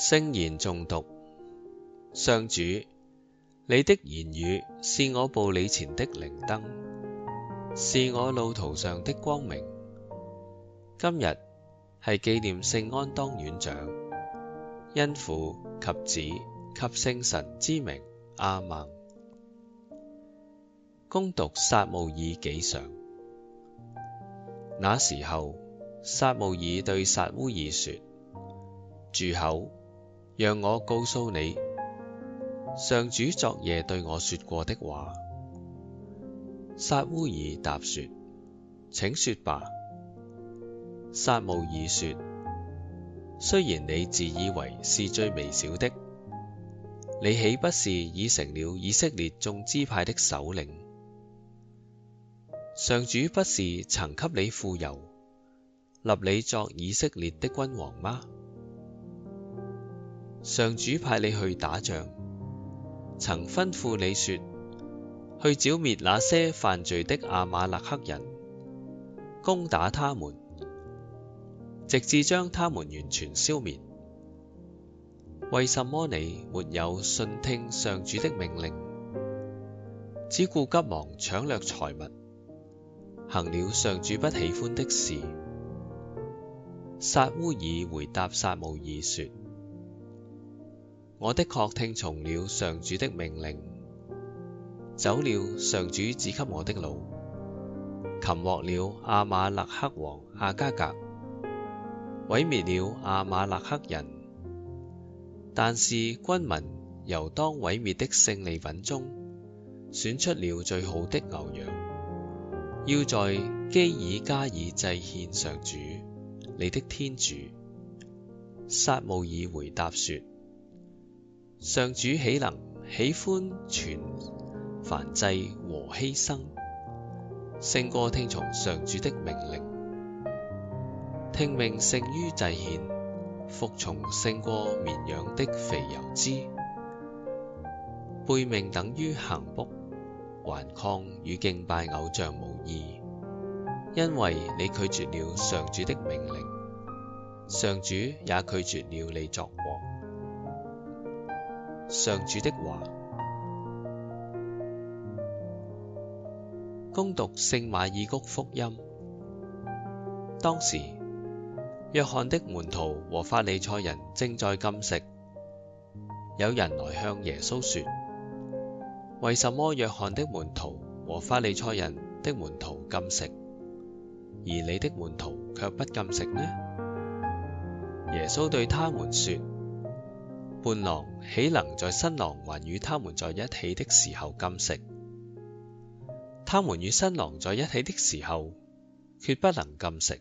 聖言誦讀，上主，你的言語是我步履前的靈燈，是我路途上的光明。今日係紀念聖安當院長，因父及子及聖神之名，阿孟。恭讀撒慕爾紀上，那時候撒慕爾對撒烏耳說：住口！讓我告訴你，上主昨夜對我說過的話。撒烏爾答說：請說吧。撒慕爾說：雖然你自以為是最微小的，你豈不是已成了以色列眾支派的首領？上主不是曾給你傅油，立你作以色列的君王嗎？上主派你去打仗，曾吩咐你說：去剿滅那些犯罪的阿瑪肋克人，攻打他們，直至將他們完全消滅。為什麼你沒有順聽上主的命令，只顧急忙搶掠財物，行了上主不喜歡的事？撒烏爾回答撒慕爾說。我的確聽從了上主的命令，走了上主指給我的路，擒獲了阿瑪肋克王阿加格，毀滅了阿瑪肋克人。但是軍民由當毀滅的勝利品中，選出了最好的牛羊，要在基耳加耳祭獻上主，你的天主。撒慕爾回答說。上主豈能喜歡全燔祭和犧牲，勝過聽從上主的命令，聽命勝於祭獻，服從勝過綿羊的肥油脂。背命等於行卜，頑抗與敬拜偶像無異。因為你拒絕了上主的命令，上主也拒絕了你作王。上主的話，恭讀聖馬爾谷福音。當時，若翰的門徒和法利塞人正在禁食。有人來向耶穌說：為什麼若翰的門徒和法利塞人的門徒禁食，而你的門徒卻不禁食呢？耶穌對他們說。伴郎豈能在新郎還與他們在一起的時候禁食？他們與新郎在一起的時候，決不能禁食。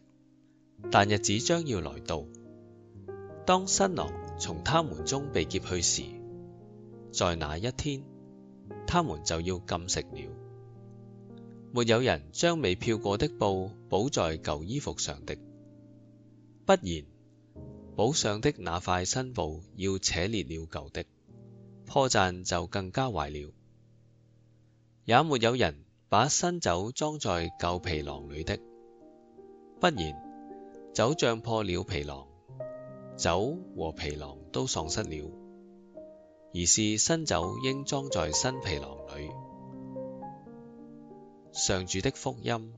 但日子將要來到，當新郎從他們中被劫去時，在那一天，他們就要禁食了。沒有人將未漂過的布補在舊衣服上的，不然。補上的那塊新布要扯裂了舊的，破綻就更加壞了。也沒有人把新酒裝在舊皮囊裏的，不然，酒脹破了皮囊，酒和皮囊都喪失了。而是新酒應裝在新皮囊裏。上主的福音。